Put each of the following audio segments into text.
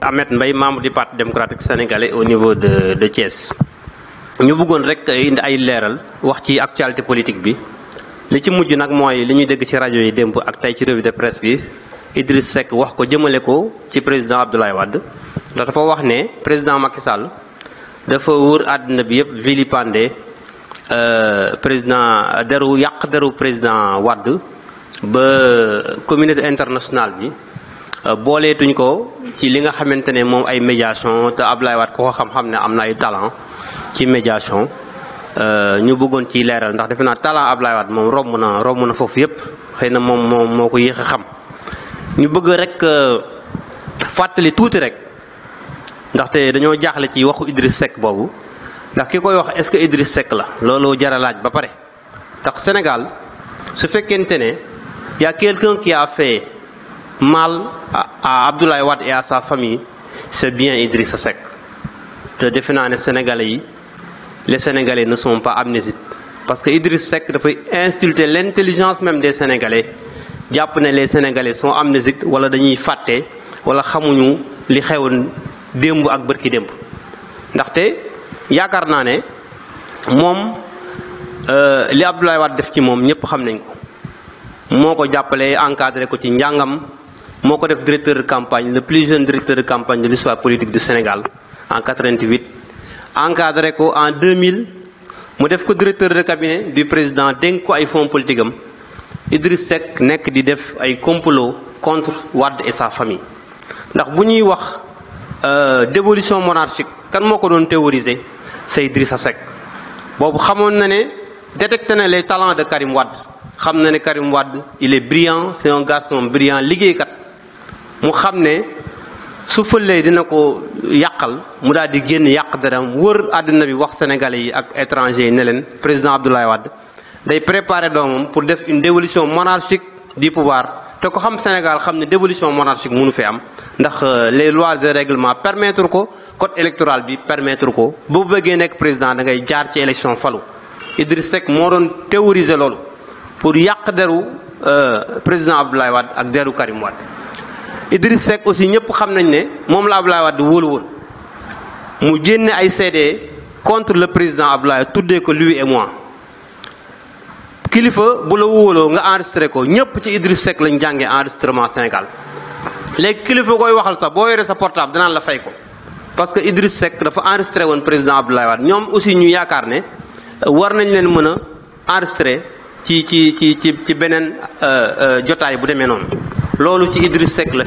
Ahmed mbay membre du parti démocratique sénégalais au niveau de de Thiès ñu bëggoon rek euh, indi ay leeral wax ci actualité politique bi li ci mujj nag mooy li ñuy dégg ci rajo yi démb ak tey ci revue de presse bi Idriss Seck wax ko jëmale ko ci président Abdoulaye Wade ndax dafa wax ne président Macky Sall dafa wër àddina bi yëpp vilipendé euh, président deru yàq deru président Wade ba communauté internationale bi. Euh, booleetuñ ko ci li nga xamante ne moom ay médiation te Ablaye Wade ko xam-xam ne am na ay talent ci médiation euh, ñu bëggoon ci leeral ndax defe naa talent Ablaye Wade moom romb na romb na foofu yépp xëy na moom moom moo ko yéex a xam ñu bëgg rek euh, fàttali tuuti rek ndaxte dañoo jaaxle ci waxu Idriss Seck boobu ndax ki koy wax est-ce que Idriss Seck la loolu jara laaj ba pare ndax Sénégal su fekkente ne y a quelqu'un qui a mal à, Abdoulaye Wade et à sa famille, c'est bien Idrissa Seck. te défends naa Sénégalais yi les Sénégalais ne sont pas amnésiques parce que Idriss Seck dafay insulter l'intelligence même des Sénégalais jàpp les Sénégalais sont amnésiques wala dañuy faté, wala xamuñu li xewoon démb ak bërki démb ndaxte yaakaar naa ne moom euh, li Abdoulaye Wade def ci moom ñëpp xam nañ ko moo ko jàppale encadré ko ci njàngam je suis directeur de campagne le plus jeune directeur de campagne de l'histoire politique du Sénégal en 88 encadré ko en 2000 je def ko directeur de cabinet du président Denko ay politique am Idriss Seck nek di def complot contre Wad et sa famille ndax buñuy wax euh dévolution monarchique kan moko don théoriser c'est Idriss Seck Bon, xamone na détecter les talents de Karim Wad. Je sais Karim Wad il est brillant c'est un garçon brillant mu xam ne su fëlee dina ko yàqal mu daal di génn yàq daram wër àddina bi wax sénégalais yi ak étrangers yi ne leen président Abdoulaye Wade day préparer doomam pour def une dévolution monarchique du pouvoir te ko xam Sénégal xam ne dévolution monarchique mënu fi am ndax euh, les lois et règlements permettre ko code électoral bi permettre ko bu bëggee nekk président da ngay jaar ci élection falu Idriss Seck moo doon théoriser loolu pour yàq deru euh, président Abdoulaye Wade ak deru Karim Idriss Seck aussi ñëpp xam nañ ne moom la Abdoulaye Wade wóolu woon mu génne ay CD contre le président Abdoulaye tuddee ko lui et moi kilifa bu la wóoloo nga enregistré ko ñëpp ci Idriss Seck lañ jàngee enregistrement Sénégal léegi kilifa koy waxal sax boo yoree sa portable danaan la fay ko parce que Idriss Seck dafa enregistré woon président Abdoulaye waat ñoom aussi ñu yaakaar ne euh, war nañ leen mën a enregistré ci ci ci ci ci beneen euh, euh, jotaay bu demee noonu. L'autre, ci Idriss Seck le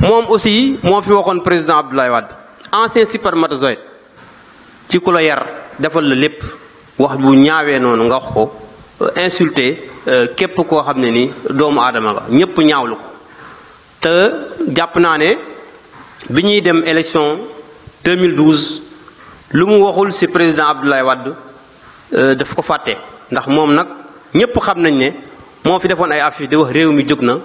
mom aussi fi président Abdoulaye Wade ancien spermatozoïde ci ku yar defal la wax bu ñaawé non nga wax insulté euh, ni doomu nga ñaawlu ko te japp naané dem élection 2012 le mu waxul ci président Abdoulaye Wade euh, daf ko faté ndax mom nak ay di wax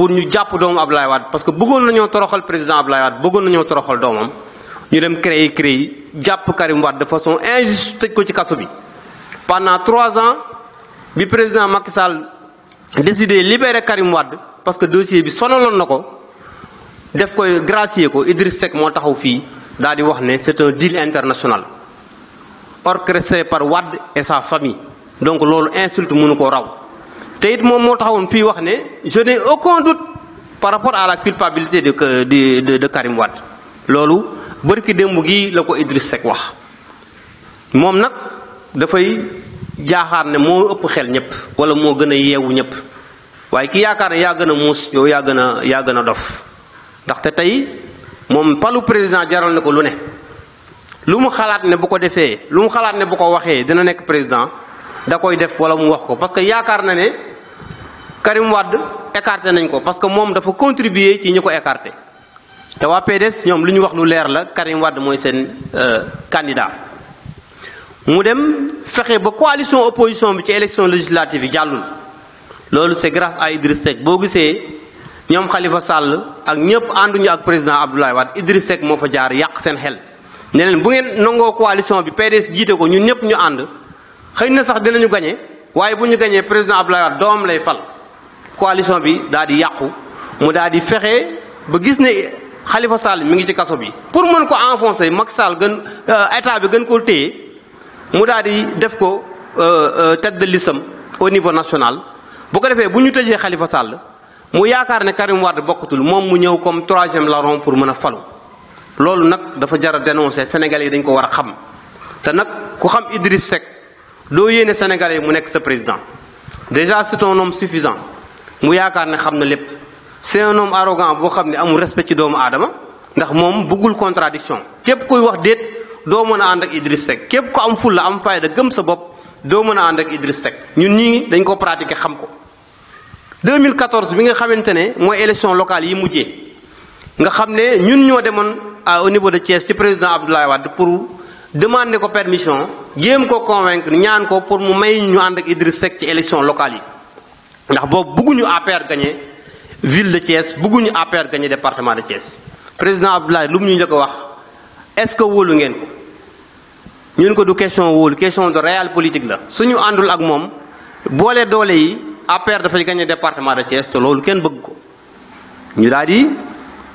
pour ñu jàpp doomu Abdoulaye Wade parce que bëggoon nañoo toroxal président Abdoulaye Wade bëggoon nañoo toroxal doomam ñu dem créer créer jàpp Karim Wade de façon injuste tëj ko ci kaso bi. pendant trois ans bi président Macky Sall décidé libérer Karim Wade parce que dossier bi sonaloon na ko def koy gracier ko Idriss Seck moo taxaw fii daal di wax ne c'est un deal international orchestré par Wade et sa famille donc loolu insulte mënu ko raw te mom mo moo fi wax ne je n'ai aucun doute par rapport à la culpabilité de de de, de Karim Wade Lolu barki démb gi lako Idriss Seck wax moom nag dafay jaaxaar ne mo upp xel ñep wala mo gëna yewu ñep. ñëpp ki yaakar ya gëna gën yo ya gëna ya gëna dof. Ndax gën tay mom palu président jaral nako lu ne lu mu xalaat ne bu ko defee lu mu xalaat ne bu ko waxee dina nekk président da koy def wala mu wax ko parce que yaakaar na ne Karim Wade écarté nañ ko parce que moom dafa contribuer ci ñu ko écarté te waa PDS ñoom lu ñu wax lu leer la Karim Wade mooy seen euh, candidat mu dem fexe ba coalition opposition bi ci élection législative yi jàllul loolu c'est grace à Idriss Seck boo gisee ñoom xalifa sàll ak ñëpp ànduñu ak président Abdoulaye waat Idriss Seck moo fa jaar yàq seen xel ne bu ngeen nangoo coalition bi PDS jiite ko ñun ñëpp ñu ànd xëy na sax dinañu gañe waaye bu ñu gañee président Abdoulaye doom lay fal coalition bi daal di mu ne Khalifa Sall mi ngi ci bi pour mën ko enfoncé Macky Sall gën euh, état bi gën ko téye mu euh, euh, tête de liste au niveau national bu ko defee bu ñu Khalifa Sall mu Karim mu comme pour dafa dénoncer Sénégalais dañ ko war a xam Idriss Sénégalais mu président déjà c'est un homme suffisant mu yaakaar ne xam na lépp c'est un homme boo xam ne amul respect ci doomu aadama ndax moom bëggul contradiction képp kuy wax déet doo mën a ànd ak Idriss sec képp ko am fulla am fayda gëm sa bopp doo mën a ànd ak Idriss Seck ñun ñii dañ ko pratiquer xam ko 2014 bi nga xamante ne mooy élection locale yi mujjee nga xam ne ñun ñoo demoon à au niveau de Thiès ci président Abdoulaye Wade pour demande ko permission jéem ko convaincre ñaan ko pour mu may ñu ànd ak Idriss Seck ci élection locale yi ndax boobu bugguñu APR gagné ville de Thiès bugguñu APR gagné département de Thiès président Abdoulaye lu mu ñu njëkk a wax est-ce que wóolu ngeen ko ñun ko du question wóolu question de réel politique la suñu àndul ak moom boole doole yi APR dafay gagné département de Thiès te loolu kenn bëgg ko ñu daal di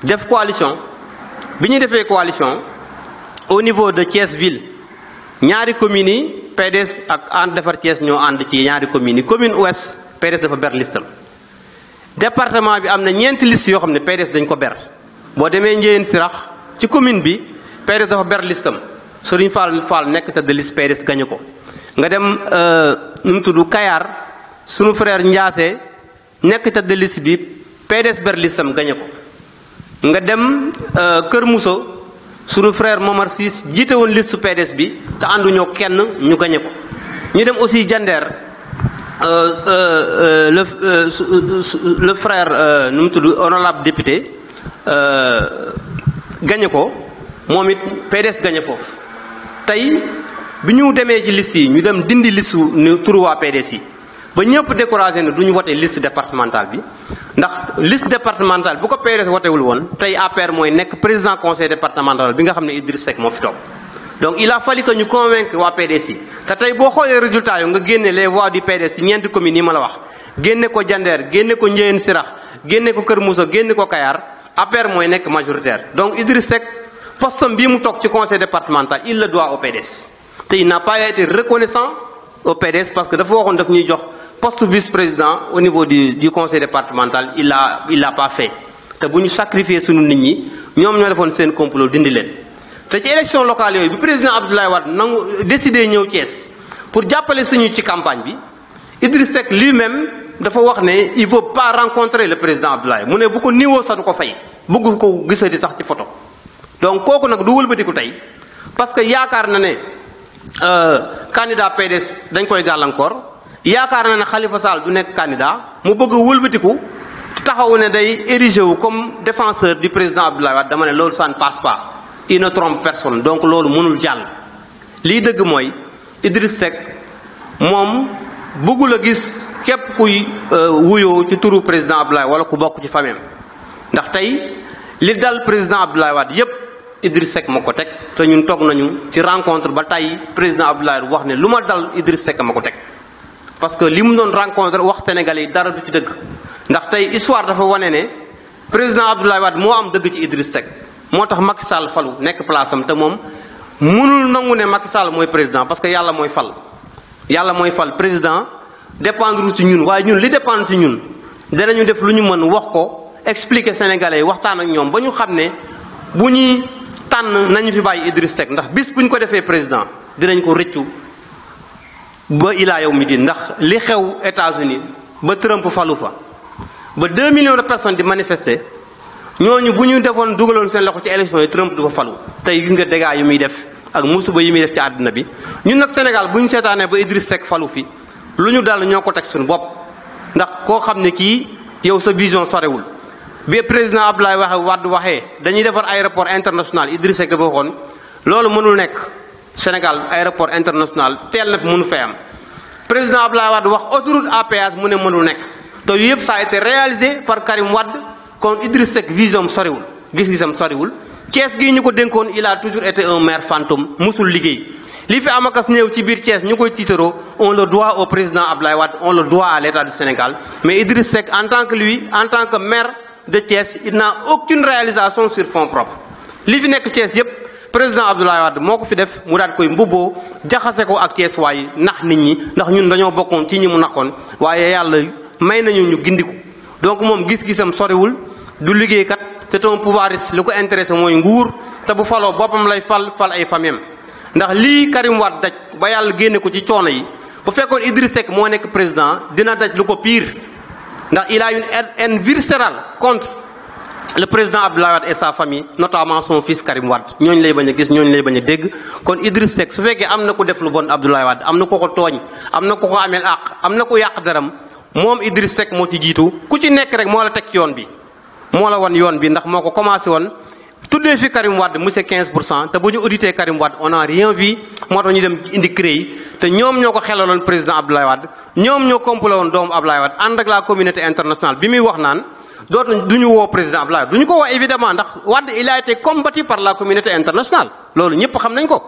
def coalition bi ñu defee coalition au niveau de Thiès ville ñaari communes yi PDS ak ànd defar Thiès ñoo ànd ci ñaari communes yi commune ouest PDS dafa ber listam département bi am na liste yoo xam PDS dañ ko ber boo demee njëyeen sirax ci commune bi PDS dafa ber listam Serigne Fall Fall nekk te de liste PDS ko nga dem euh, Kayar frère de liste bi PDS ber listam gañu ko nga dem euh, Kër Mousso sunu frère Momar Sis liste PDS bi te ànduñoo kenn ñu gañe ko ñu dem aussi Euh, euh, euh, le le frère nu mu tudd honorable député gañe ko moom it PDS gañe fof. tey bi ñu ci liste yi ñu dem dindi liste nous trouvons PDS yi ba ñëpp découragé ne du voter liste départementale bi ndax liste départementale bu ko PDS voté wul woon APR moi, nekk président conseil départemental bi nga xam Idriss Seck moo fi donc il a fallu que nous convaincre waa PDS yi te tey boo xoolee résultat yi nga génne les voix du PDS ñent commune ni mala wax génne ko Jandeer génne ko Njëyeen Sirax génne ko keur Moussa génne ko Kayar APR moy nek majoritaire donc Idriss Seck postam bi mu tok ci conseil départemental il le doit au PDS il n'a pas été reconnaissant au PDS parce que dafa waxoon daf ñuy jox poste vice-président au niveau du conseil départemental il l'a il l'a pas fait te buñu ñu sacrifier suñu nit ñi ñom ñoo fait sen complot dindi len te ci élection locale yooyu bi président Abdoulaye Wade nangu décidé ñëw Thiès pour jàppale suñu ci campagne bi Idriss sek lui-même dafa wax ne il faut pas rencontrer le président Abdoulaye mu ne bu ko niwoo sax du ko fay bëggu ko gisati sax ci photo donc kooku nag du wëlbatiku tey parce que yaakaar na ne euh, candidat PDS dañ koy gàllankoor yaakaar na ne Khalifa Sall du nekk candidat mu bëgg wëlbatiku taxaw ne day érigé wu comme défenseur du président Abdoulaye Wade dama ne loolu ça ne passe pas il ne trompe personne donc loolu mënul jàll lii dëgg mooy Idriss Seck moom bëggul a gis képp kuy euh, wuyoo ci turu président Abdoulaye wala ku bokk ci famem ndax tey li dal président Abdoulaye Wade yépp Idriss Seck ma ko teg te ñu toog nañu ci rencontre ba tey président Abdoulaye wax ne lu ma dal Idriss Seck ma ko teg parce que li mu doon rencontre wax Sénégalais yi dara du ci dëgg ndax tey histoire dafa wane ne président Abdoulaye Wade moo am dëgg ci Idriss Seck moo tax Macky Sall falu nekk place am te moom mënul nangu ne Macky Sall mooy président parce que yàlla mooy fal yàlla mooy fal président dépendre ci ñun waaye ñun li dépendre ci ñun danañu def lu ñu mën wax ko expliquer sénégalais yi waxtaan ak ñoom ba ñu xam ne bu ñuy tànn nañu fi bàyyi Idriss Seck ndax bis bu ñu ko defee président dinañ ko rëccu ba ilaa yow mi di ndax li xew États-Unis ba Trump falu fa ba 2 millions de personnes di manifester. ñooñu bu ñu defoon dugaloon seen loxo ci élection yi Trump du fa falu tey gis nga dégâts yi muy def ak musiba yi muy def ci àddina bi ñu nag Sénégal bu ñu seetaanee ba Idriss Seck falu fi lu ñu dal ñoo ko teg suñu bopp ndax koo xam ne kii yow sa vision sorewul bi président Abdoulaye waxe Wade waxee dañuy defar aéroport international Idriss Seck dafa waxoon loolu mënul nekk Sénégal aéroport international teel na fi mënu fee am président Abdoulaye Wade wax autoroute à mu ne mënul nekk te yëpp kon Idriss Seck vision soriwul gis-gisam soriwul Thiès gi ñuko denkon il a toujours été un maire fantôme musul liggéey li fi amakas ñew ci biir Thiès ñu koy on le doit au président Abdoulaye Wade on le doit à l'État du Sénégal mais Idriss Seck en tant que lui en tant que maire de Thiès il n'a aucune réalisation sur fond propre. li fi nek Thiès yeb président Abdoulaye Wade Moko fi def mu daal koy mbubboo jaxase ko ak Thiès way nax nit ñi ndax ñun dañoo bokkon ci ñi mu naxoon waye yalla may nañu ñu gindiku donc moom gis-gisam soriwul du liggéeykat c'est un pouvoiriste li ko intéressé mooy nguur te bu faloo boppam lay fal fal ay famem ndax lii Karim Wade daj ba yàlla génne ko ci coono yi bu fekkoon Idriss Seck moo nekk président dina daj lu ko pire ndax il a une haine viscérale contre le président Abdoulaye Wade et sa famille notamment son fils Karim Wade ñooñu lay bañ a gis ñooñu lay bañ a dégg kon Idriss Seck su fekkee am na ko def lu bon Abdoulaye Wade am na ko ko tooñ am na ko ko ameel àq am na ko yàq daram moom Idriss Seck moo ci jiitu ku ci nekk rek moo la teg ci yoon bi moo la wan yoon bi ndax moo ko commencé woon tuddee fi Karim Wade mu c'est 15 pour cent te bu ñu audité Karim Wade on a rien moo tax ñu dem indi CREI te ñoom ñoo ko xelaloon président Abdoulaye Wade ñoom ñoo complé woon doomu Abdoulaye Wade ànd ak la communauté internationale bi muy wax naan dootuñ du ñu woo président Abdoulaye du ñu ko woo évidemment ndax Wade il a été par la communauté internationale loolu ñëpp xam nañ ko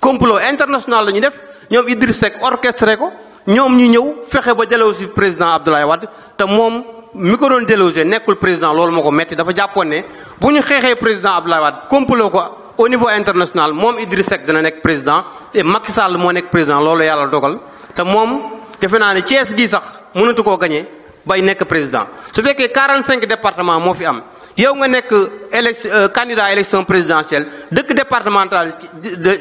complot international la ñu def ñoom Idriss Seck orchestré ko. ñoom ñu ñëw fexe ba délogé président Abdoulaye Wade te moom mi ko doon délogé nekkul président loolu moo ko metti dafa jàppoon ne bu ñu xeexee président Abdoulaye Wade complot ko au niveau international moom Idriss Seck dina nekk président et Macky moo nekk président loolu yàlla dogal te moom defe naa ne Thiès gi sax mënatu koo gañee bay nekk président su fekkee cinq département moo fi am yow nga nekk élect euh, candidat élection présidentielle dëkk départemental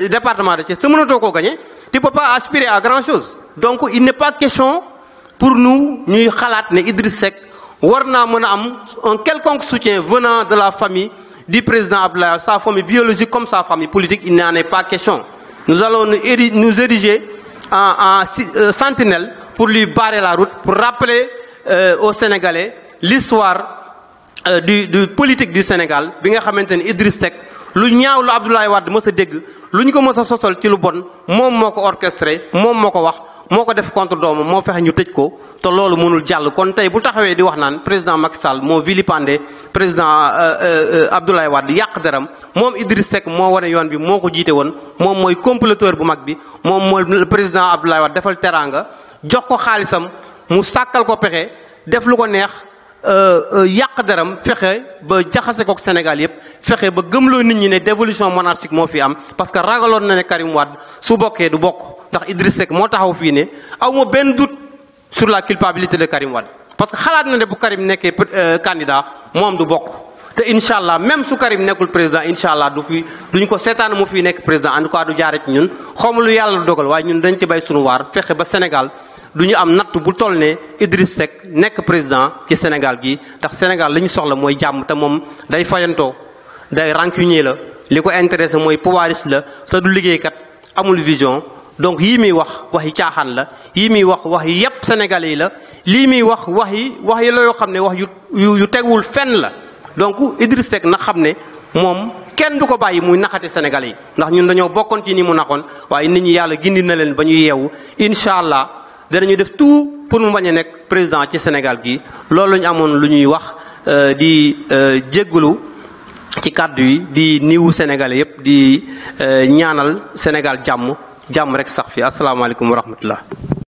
département de Thiès te mënatoo koo gañe tu peux pas aspirer à grand donc il n'est pas question pour nous nous, Khalat, nous Idriss Seck Warna naa un quelconque soutien venant de la famille du président Abdoulaye sa famille biologique comme sa famille politique il n'en est pas question nous allons nous ériger, en, euh, sentinelle pour lui barrer la route pour rappeler euh, aux Sénégalais l'histoire euh, du politique du Sénégal bi nga maintenant Idriss Seck lu ñaaw Abdoulaye Wade moi c'est dégg l'unique ñu ko mës a ci bon moi, moo ko orchestré moom moo ko def contre doomam moo fexe ñu tëj ko te loolu mënul jàll kon tey bu taxawee di wax naan président Macky Sall moo vilipendé président euh, euh, euh, Abdoulaye Wade yàq deram moom Idriss Seck moo wane yoon bi moo ko jiite woon moom mooy completeur bu mag bi moom mooy président Abdoulaye Wade defal teraanga jox ko xaalisam mu sàkkal ko pexe def lu ko neex yàq deram fexe ba jaxase kook Sénégal yépp fexe ba loo nit ñi ne dévolution monarchique moo fi am parce que ragaloon na ne Karim Wade su bokkee du bokk ndax Idriss Seck moo taxaw fii doute sur la culpabilité de Karim Wade parce que xalaat na ne bu Karim euh, candidat moom du bokk te même su Karim nekkul président incha allah du fi duñ ko seetaan fi nekk président en tout cas du jaare ci ñun dogal ñun dañ ci bay sunu Sénégal am bu toll ne Idriss Seck nekk président ci Sénégal gi ndax Sénégal li soxla mooy jàmm te moom day fayantoo day rancunier la intéressé pouvoiriste la du donc yi wah wax wax yi caaxaan la yi muy wax wax yi yépp sénégalais yi la lii muy wax wax yi wax yi la yoo xam ne wax yu yu tegwul fenn la donc idris sek na xam ne moom kenn du ko bàyyi muy naxate sénégalais yi ndax ñun dañoo bokkoon ci ni mu naxoon waaye nit ñi yàlla gindi na leen ba ñu yeewu incha def tout pour mu président ci sénégal gi loolu lu ñuy wax euh, di euh, jéggulu ci yi di niwu sénégalais yépp di euh, ñaanal sénégal jàmm rek sax fi asalaamaaleykum wa rahmatullah